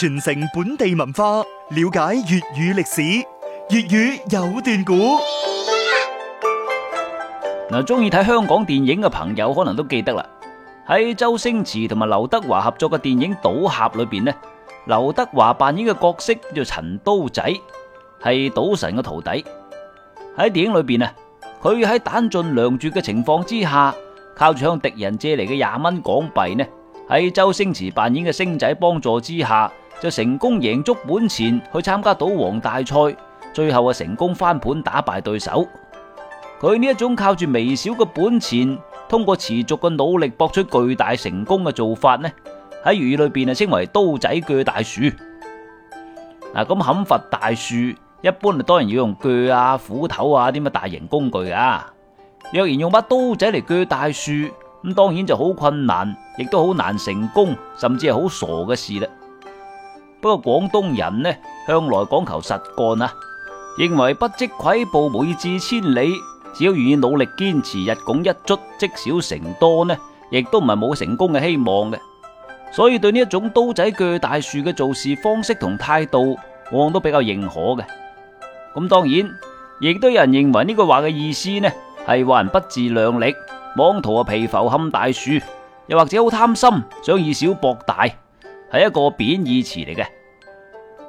傳承本地文化，了解粵語歷史，粵語有段古。嗱，中意睇香港電影嘅朋友可能都記得啦。喺周星馳同埋劉德華合作嘅電影《賭俠》裏邊咧，劉德華扮演嘅角色叫做陳刀仔，係賭神嘅徒弟。喺電影裏邊啊，佢喺彈盡糧絕嘅情況之下，靠住向敵人借嚟嘅廿蚊港幣呢，喺周星馳扮演嘅星仔幫助之下。就成功贏足本錢去參加賭王大賽，最後啊成功翻盤打敗對手。佢呢一種靠住微小嘅本錢，通過持續嘅努力博取巨大成功嘅做法呢，喺粵語裏邊啊稱為刀仔鋸大樹。嗱，咁砍伐大樹一般啊，當然要用鋸啊、斧頭啊啲嘅大型工具啊。若然用把刀仔嚟鋸大樹，咁當然就好困難，亦都好難成功，甚至係好傻嘅事啦。不過廣東人呢，向來講求實幹啊，認為不積跬步，無以至千里。只要願意努力堅持，日拱一卒，積少成多呢，亦都唔係冇成功嘅希望嘅。所以對呢一種刀仔鋸大樹嘅做事方式同態度，往往都比較認可嘅。咁當然，亦都有人認為呢句話嘅意思呢，係話人不自量力，妄圖啊，蚍蜉撼大樹，又或者好貪心，想以小博大。係一個貶義詞嚟嘅。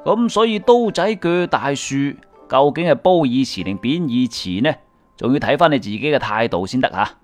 咁所以刀仔鋸大樹究竟係褒義詞定貶義詞呢？仲要睇翻你自己嘅態度先得吓。